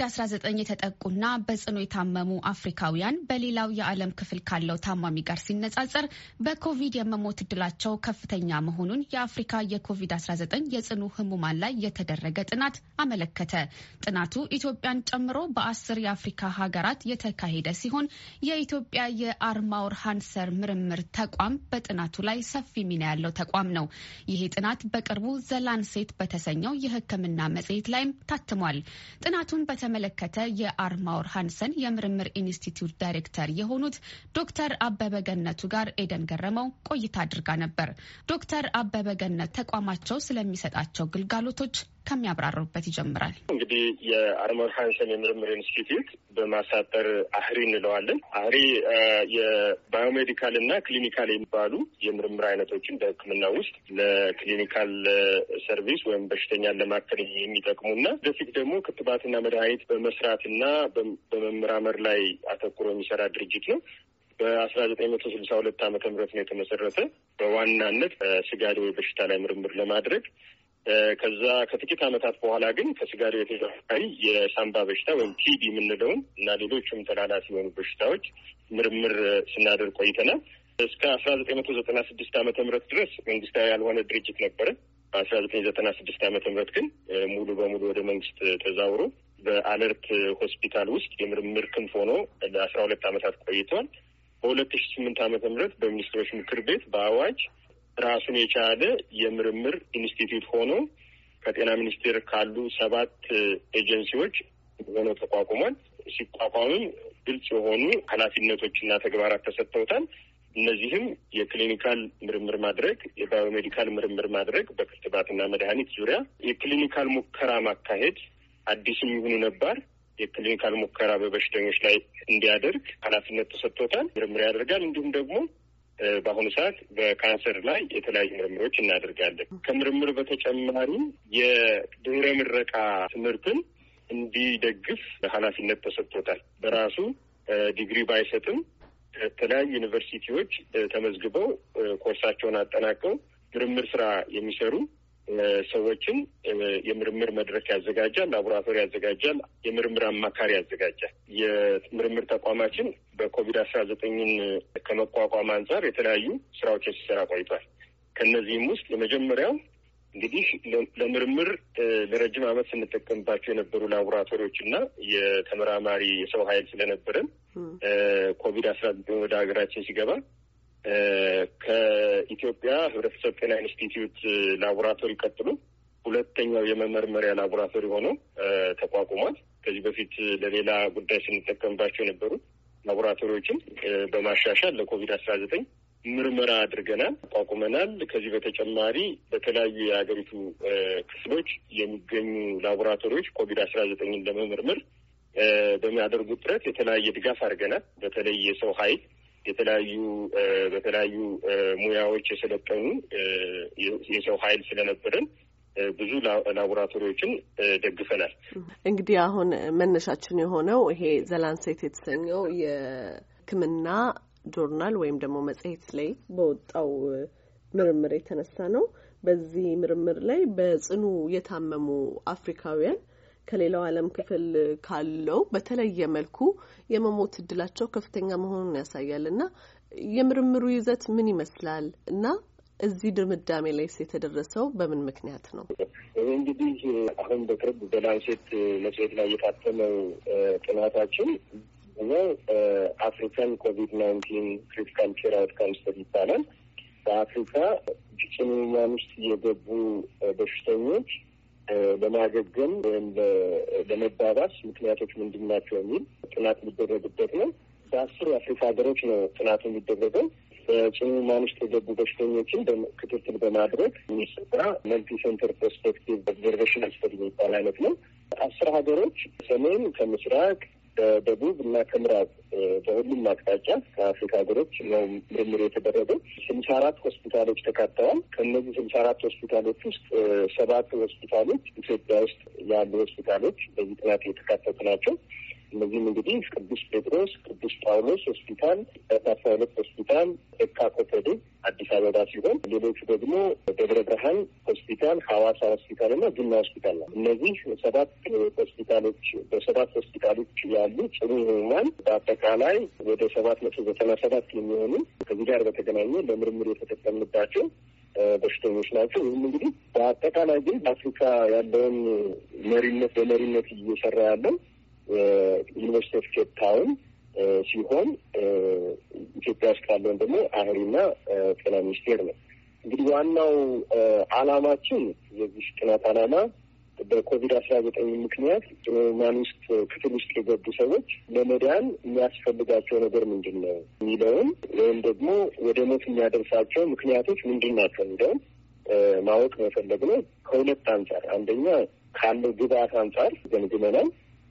በኮቪድ-19 የተጠቁና በጽኑ የታመሙ አፍሪካውያን በሌላው የዓለም ክፍል ካለው ታማሚ ጋር ሲነጻጸር በኮቪድ የመሞት እድላቸው ከፍተኛ መሆኑን የአፍሪካ የኮቪድ-19 የጽኑ ህሙማን ላይ የተደረገ ጥናት አመለከተ። ጥናቱ ኢትዮጵያን ጨምሮ በአስር የአፍሪካ ሀገራት የተካሄደ ሲሆን የኢትዮጵያ የአርማውር ሃንሰር ምርምር ተቋም በጥናቱ ላይ ሰፊ ሚና ያለው ተቋም ነው። ይሄ ጥናት በቅርቡ ዘላንሴት በተሰኘው የህክምና መጽሔት ላይም ታትሟል። ጥናቱን በተመለከተ የአርማውር ሃንሰን የምርምር ኢንስቲትዩት ዳይሬክተር የሆኑት ዶክተር አበበ ገነቱ ጋር ኤደን ገረመው ቆይታ አድርጋ ነበር። ዶክተር አበበ ገነት ተቋማቸው ስለሚሰጣቸው ግልጋሎቶች ከሚያብራሩበት ይጀምራል። እንግዲህ የአርመር ሃንሰን የምርምር ኢንስቲትዩት በማሳጠር አህሪ እንለዋለን። አህሪ የባዮሜዲካል እና ክሊኒካል የሚባሉ የምርምር አይነቶችን በሕክምና ውስጥ ለክሊኒካል ሰርቪስ ወይም በሽተኛን ለማከል የሚጠቅሙ እና ወደፊት ደግሞ ክትባትና መድኃኒት በመስራትና በመመራመር ላይ አተኩሮ የሚሰራ ድርጅት ነው። በአስራ ዘጠኝ መቶ ስልሳ ሁለት ዓመተ ምህረት ነው የተመሰረተ። በዋናነት ስጋዴ ወይ በሽታ ላይ ምርምር ለማድረግ ከዛ ከጥቂት ዓመታት በኋላ ግን ከስጋሪ በተጨማሪ የሳምባ በሽታ ወይም ቲቢ የምንለውን እና ሌሎችም ተላላፊ የሆኑ በሽታዎች ምርምር ስናደርግ ቆይተናል። እስከ አስራ ዘጠኝ መቶ ዘጠና ስድስት ዓመተ ምህረት ድረስ መንግስታዊ ያልሆነ ድርጅት ነበረ። በአስራ ዘጠኝ ዘጠና ስድስት ዓመተ ምህረት ግን ሙሉ በሙሉ ወደ መንግስት ተዛውሮ በአለርት ሆስፒታል ውስጥ የምርምር ክንፍ ሆኖ ለአስራ ሁለት ዓመታት ቆይተዋል። በሁለት ሺ ስምንት ዓመተ ምህረት በሚኒስትሮች ምክር ቤት በአዋጅ ራሱን የቻለ የምርምር ኢንስቲትዩት ሆኖ ከጤና ሚኒስቴር ካሉ ሰባት ኤጀንሲዎች ሆኖ ተቋቁሟል። ሲቋቋምም ግልጽ የሆኑ ኃላፊነቶችና ተግባራት ተሰጥተውታል። እነዚህም የክሊኒካል ምርምር ማድረግ፣ የባዮሜዲካል ምርምር ማድረግ በክትባትና መድኃኒት ዙሪያ፣ የክሊኒካል ሙከራ ማካሄድ አዲስም ይሁኑ ነባር የክሊኒካል ሙከራ በበሽተኞች ላይ እንዲያደርግ ኃላፊነት ተሰጥቶታል። ምርምር ያደርጋል። እንዲሁም ደግሞ በአሁኑ ሰዓት በካንሰር ላይ የተለያዩ ምርምሮች እናደርጋለን። ከምርምር በተጨማሪ የድህረ ምረቃ ትምህርትን እንዲደግፍ ኃላፊነት ተሰጥቶታል። በራሱ ዲግሪ ባይሰጥም ከተለያዩ ዩኒቨርሲቲዎች ተመዝግበው ኮርሳቸውን አጠናቀው ምርምር ስራ የሚሰሩ ሰዎችን የምርምር መድረክ ያዘጋጃል፣ ላቦራቶሪ ያዘጋጃል፣ የምርምር አማካሪ ያዘጋጃል። የምርምር ተቋማችን በኮቪድ አስራ ዘጠኝን ከመቋቋም አንጻር የተለያዩ ስራዎችን ሲሰራ ቆይቷል። ከእነዚህም ውስጥ የመጀመሪያው እንግዲህ ለምርምር ለረጅም ዓመት ስንጠቀምባቸው የነበሩ ላቦራቶሪዎች እና የተመራማሪ የሰው ኃይል ስለነበረን ኮቪድ አስራ ዘጠኝ ወደ ሀገራችን ሲገባ ከኢትዮጵያ ሕብረተሰብ ጤና ኢንስቲትዩት ላቦራቶሪ ቀጥሎ ሁለተኛው የመመርመሪያ ላቦራቶሪ ሆኖ ተቋቁሟል። ከዚህ በፊት ለሌላ ጉዳይ ስንጠቀምባቸው የነበሩት ላቦራቶሪዎችን በማሻሻል ለኮቪድ አስራ ዘጠኝ ምርመራ አድርገናል፣ አቋቁመናል። ከዚህ በተጨማሪ በተለያዩ የሀገሪቱ ክፍሎች የሚገኙ ላቦራቶሪዎች ኮቪድ አስራ ዘጠኝን ለመመርመር በሚያደርጉት ጥረት የተለያየ ድጋፍ አድርገናል። በተለይ የሰው ኃይል የተለያዩ በተለያዩ ሙያዎች የሰለጠኑ የሰው ኃይል ስለነበረን ብዙ ላቦራቶሪዎችን ደግፈናል። እንግዲህ አሁን መነሻችን የሆነው ይሄ ዘላንሴት የተሰኘው የሕክምና ጆርናል ወይም ደግሞ መጽሔት ላይ በወጣው ምርምር የተነሳ ነው። በዚህ ምርምር ላይ በጽኑ የታመሙ አፍሪካውያን ከሌላው ዓለም ክፍል ካለው በተለየ መልኩ የመሞት እድላቸው ከፍተኛ መሆኑን ያሳያል እና የምርምሩ ይዘት ምን ይመስላል እና እዚህ ድምዳሜ ላይ የተደረሰው በምን ምክንያት ነው? እንግዲህ አሁን በቅርብ በላንሴት መጽሔት ላይ የታተመው ጥናታችን አፍሪካን ኮቪድ ናይንቲን ክሪቲካል ኬር አውትካምስ ይባላል። በአፍሪካ ጽኑዓን ውስጥ የገቡ በሽተኞች ለማገገም ወይም ለመባባስ ምክንያቶች ምንድን ናቸው የሚል ጥናት የሚደረግበት ነው። በአስር የአፍሪካ ሀገሮች ነው ጥናቱ የሚደረገው። በጽኑ ማንስ የተገቡ በሽተኞችን ክትትል በማድረግ የሚሰራ መልቲ ሴንተር ፐርስፔክቲቭ ኦብዘርቬሽን ስተዲ የሚባል አይነት ነው። አስር ሀገሮች ሰሜን ከምስራቅ ከደቡብ እና ከምዕራብ በሁሉም አቅጣጫ ከአፍሪካ ሀገሮች ነው ምርምር የተደረገው። ስልሳ አራት ሆስፒታሎች ተካተዋል። ከእነዚህ ስልሳ አራት ሆስፒታሎች ውስጥ ሰባት ሆስፒታሎች ኢትዮጵያ ውስጥ ያሉ ሆስፒታሎች በዚህ ጥናት የተካተቱ ናቸው። እነዚህም እንግዲህ ቅዱስ ጴጥሮስ፣ ቅዱስ ጳውሎስ ሆስፒታል፣ ዳሳ ሆስፒታል ኤካ ኮተቤ አዲስ አበባ ሲሆን ሌሎቹ ደግሞ ደብረ ብርሃን ሆስፒታል፣ ሐዋሳ ሆስፒታል እና ጅማ ሆስፒታል ነው። እነዚህ ሰባት ሆስፒታሎች በሰባት ሆስፒታሎች ያሉ ጽኑ ህሙማን በአጠቃላይ ወደ ሰባት መቶ ዘጠና ሰባት የሚሆኑ ከዚህ ጋር በተገናኘ ለምርምር የተጠቀምባቸው በሽተኞች ናቸው። ይህም እንግዲህ በአጠቃላይ ግን በአፍሪካ ያለውን መሪነት በመሪነት እየሰራ ያለው ዩኒቨርሲቲ ኦፍ ኬፕ ታውን ሲሆን ኢትዮጵያ ውስጥ ካለውን ደግሞ አህሪና ጤና ሚኒስቴር ነው። እንግዲህ ዋናው አላማችን የዚህ ጥናት አላማ በኮቪድ አስራ ዘጠኝ ምክንያት ማን ውስጥ ክፍል ውስጥ የገቡ ሰዎች ለመዳን የሚያስፈልጋቸው ነገር ምንድን ነው የሚለውን ወይም ደግሞ ወደ ሞት የሚያደርሳቸው ምክንያቶች ምንድን ናቸው የሚለውን ማወቅ መፈለግ ነው። ከሁለት አንጻር አንደኛ ካለው ግብአት አንጻር ገምግመናል።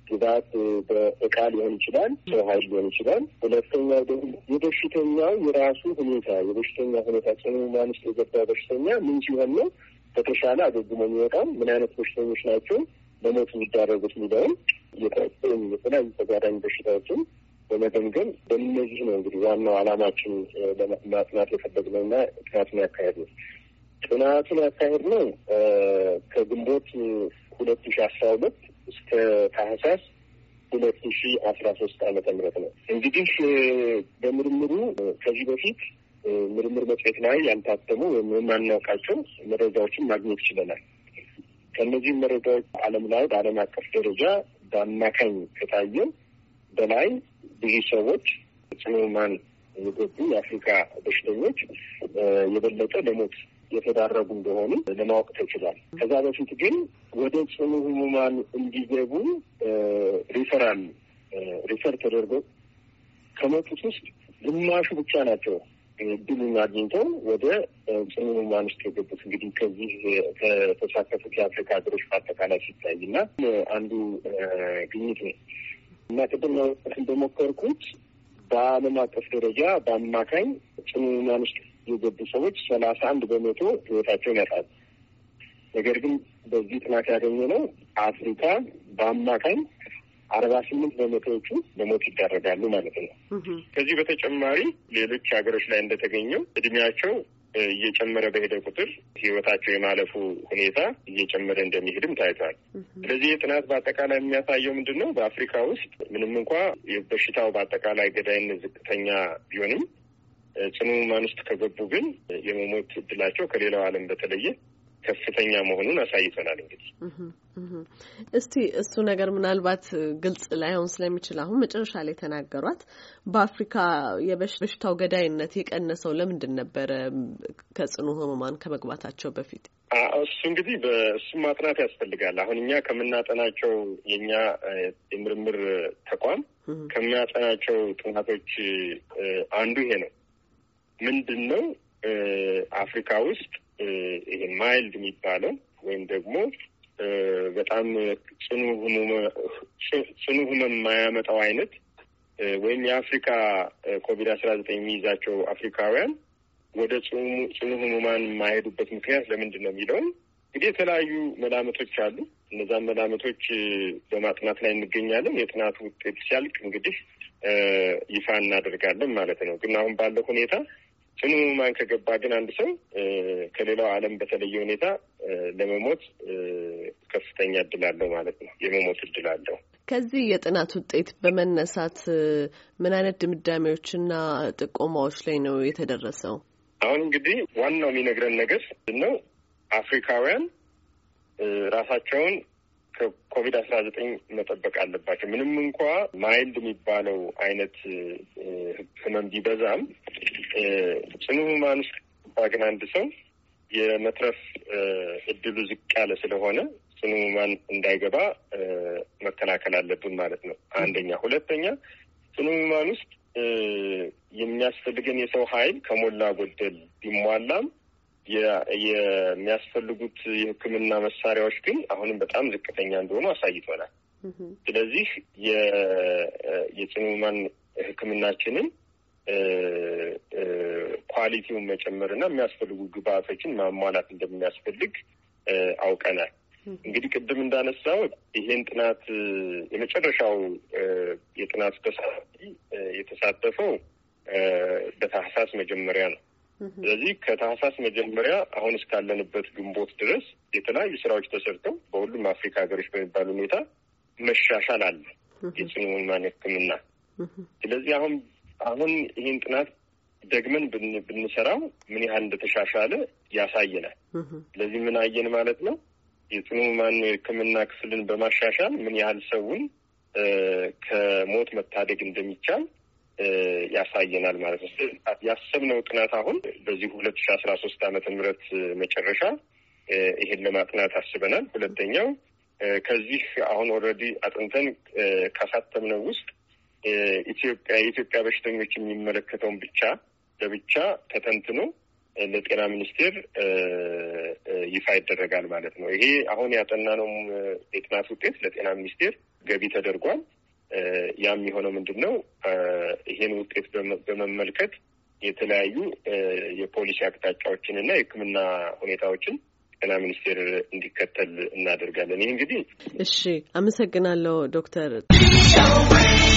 ግብአት በእቃ ሊሆን ይችላል፣ ሰው ኃይል ሊሆን ይችላል። ሁለተኛው ደግሞ የበሽተኛው የራሱ ሁኔታ የበሽተኛ ሁኔታ ጽኑ ሕሙማን ውስጥ የገባ በሽተኛ ምን ሲሆን ነው በተሻለ አገግሞ የሚወጣው፣ ምን አይነት በሽተኞች ናቸው ለሞት የሚዳረጉት የሚለውን እየጠቀም የተለያዩ ተጓዳኝ በሽታዎችን በመገምገም በእነዚህ ነው እንግዲህ ዋናው አላማችን ማጥናት የፈለግነው እና ጥናቱን ያካሄድ ነው። ጥናቱን ያካሄድ ነው ከግንቦት ሁለት ሺ አስራ ሁለት እስከ ታህሳስ ሁለት ሺ አስራ ሶስት አመተ ምህረት ነው። እንግዲህ በምርምሩ ከዚህ በፊት ምርምር መጽሔት ላይ ያልታተሙ ወይም የማናውቃቸው መረጃዎችን ማግኘት ችለናል። ከእነዚህም መረጃዎች ዓለም ላይ በዓለም አቀፍ ደረጃ በአማካኝ ከታየው በላይ ብዙ ሰዎች ጽኑ ህሙማን የገቡ የአፍሪካ በሽተኞች የበለጠ ለሞት የተዳረጉ እንደሆኑ ለማወቅ ተችሏል። ከዛ በፊት ግን ወደ ጽኑ ህሙማን እንዲገቡ ሪፈራል ሪፈር ተደርጎ ከመጡት ውስጥ ግማሹ ብቻ ናቸው ድሉን አግኝተው ወደ ጽኑ ህሙማን ውስጥ የገቡት። እንግዲህ ከዚህ ከተሳተፉት የአፍሪካ ሀገሮች በአጠቃላይ ሲታይ እና አንዱ ግኝት ነው እና ቅድም ለመጠፍ እንደሞከርኩት በዓለም አቀፍ ደረጃ በአማካኝ ጽኑ ህሙማን ውስጥ የገቡ ሰዎች ሰላሳ አንድ በመቶ ህይወታቸውን ያጣሉ። ነገር ግን በዚህ ጥናት ነው አፍሪካ በአማካኝ አርባ ስምንት በመቶዎቹ በሞት ይዳረጋሉ ማለት ነው። ከዚህ በተጨማሪ ሌሎች ሀገሮች ላይ እንደተገኘው እድሜያቸው እየጨመረ በሄደ ቁጥር ህይወታቸው የማለፉ ሁኔታ እየጨመረ እንደሚሄድም ታይቷል። ስለዚህ የጥናት በአጠቃላይ የሚያሳየው ምንድን ነው? በአፍሪካ ውስጥ ምንም እንኳ በሽታው በአጠቃላይ ገዳይነት ዝቅተኛ ቢሆንም ጽኑ ሕሙማን ውስጥ ከገቡ ግን የመሞት እድላቸው ከሌላው ዓለም በተለየ ከፍተኛ መሆኑን አሳይተናል። እንግዲህ እስቲ እሱ ነገር ምናልባት ግልጽ ላይሆን ስለሚችል አሁን መጨረሻ ላይ ተናገሯት። በአፍሪካ የበሽታው ገዳይነት የቀነሰው ለምንድን ነበረ? ከጽኑ ህሙማን ከመግባታቸው በፊት እሱ እንግዲህ በእሱ ማጥናት ያስፈልጋል። አሁን እኛ ከምናጠናቸው የእኛ የምርምር ተቋም ከሚያጠናቸው ጥናቶች አንዱ ይሄ ነው። ምንድን ነው አፍሪካ ውስጥ ይሄ ማይልድ የሚባለው ወይም ደግሞ በጣም ጽኑ ጽኑ ህመም የማያመጣው አይነት ወይም የአፍሪካ ኮቪድ አስራ ዘጠኝ የሚይዛቸው አፍሪካውያን ወደ ጽኑ ህሙማን የማይሄዱበት ምክንያት ለምንድን ነው የሚለውም እንግዲህ የተለያዩ መላመቶች አሉ። እነዛን መላመቶች በማጥናት ላይ እንገኛለን። የጥናቱ ውጤት ሲያልቅ እንግዲህ ይፋ እናደርጋለን ማለት ነው። ግን አሁን ባለው ሁኔታ ጽኑ ማን ከገባ ግን አንድ ሰው ከሌላው ዓለም በተለየ ሁኔታ ለመሞት ከፍተኛ እድል አለው ማለት ነው። የመሞት እድል አለው። ከዚህ የጥናት ውጤት በመነሳት ምን አይነት ድምዳሜዎችና ጥቆማዎች ላይ ነው የተደረሰው? አሁን እንግዲህ ዋናው የሚነግረን ነገር ነው አፍሪካውያን ራሳቸውን ከኮቪድ አስራ ዘጠኝ መጠበቅ አለባቸው። ምንም እንኳ ማይልድ የሚባለው አይነት ህመም ቢበዛም ጽኑ ህሙማን ውስጥ ግን አንድ ሰው የመትረፍ እድሉ ዝቅ ያለ ስለሆነ ጽኑ ህሙማን እንዳይገባ መከላከል አለብን ማለት ነው። አንደኛ። ሁለተኛ ጽኑ ህሙማን ውስጥ የሚያስፈልገን የሰው ኃይል ከሞላ ጎደል ቢሟላም የሚያስፈልጉት የሕክምና መሳሪያዎች ግን አሁንም በጣም ዝቅተኛ እንደሆኑ አሳይቶናል። ስለዚህ የጽኑ ህሙማን ሕክምናችንን ኳሊቲውን መጨመርና የሚያስፈልጉ ግብአቶችን ማሟላት እንደሚያስፈልግ አውቀናል። እንግዲህ ቅድም እንዳነሳው ይሄን ጥናት የመጨረሻው የጥናት ተሳ የተሳተፈው በታህሳስ መጀመሪያ ነው። ስለዚህ ከታህሳስ መጀመሪያ አሁን እስካለንበት ግንቦት ድረስ የተለያዩ ስራዎች ተሰርተው በሁሉም አፍሪካ ሀገሮች በሚባል ሁኔታ መሻሻል አለ የጽኑ ህሙማን ህክምና። ስለዚህ አሁን አሁን ይህን ጥናት ደግመን ብንሰራው ምን ያህል እንደተሻሻለ ያሳየናል። ስለዚህ ምን አየን ማለት ነው? የጽኑ ህሙማን ህክምና ክፍልን በማሻሻል ምን ያህል ሰውን ከሞት መታደግ እንደሚቻል ያሳየናል ማለት ነው። ያሰብነው ጥናት አሁን በዚህ ሁለት ሺ አስራ ሶስት ዓመተ ምህረት መጨረሻ ይሄን ለማጥናት አስበናል። ሁለተኛው ከዚህ አሁን ኦልሬዲ አጥንተን ካሳተምነው ውስጥ ኢትዮጵያ የኢትዮጵያ በሽተኞች የሚመለከተውን ብቻ ለብቻ ተተንትኖ ለጤና ሚኒስቴር ይፋ ይደረጋል ማለት ነው። ይሄ አሁን ያጠናነው የጥናት ውጤት ለጤና ሚኒስቴር ገቢ ተደርጓል። ያ የሚሆነው ምንድን ነው? ይሄን ውጤት በመመልከት የተለያዩ የፖሊሲ አቅጣጫዎችን እና የሕክምና ሁኔታዎችን ጤና ሚኒስቴር እንዲከተል እናደርጋለን። ይህ እንግዲህ እሺ፣ አመሰግናለሁ ዶክተር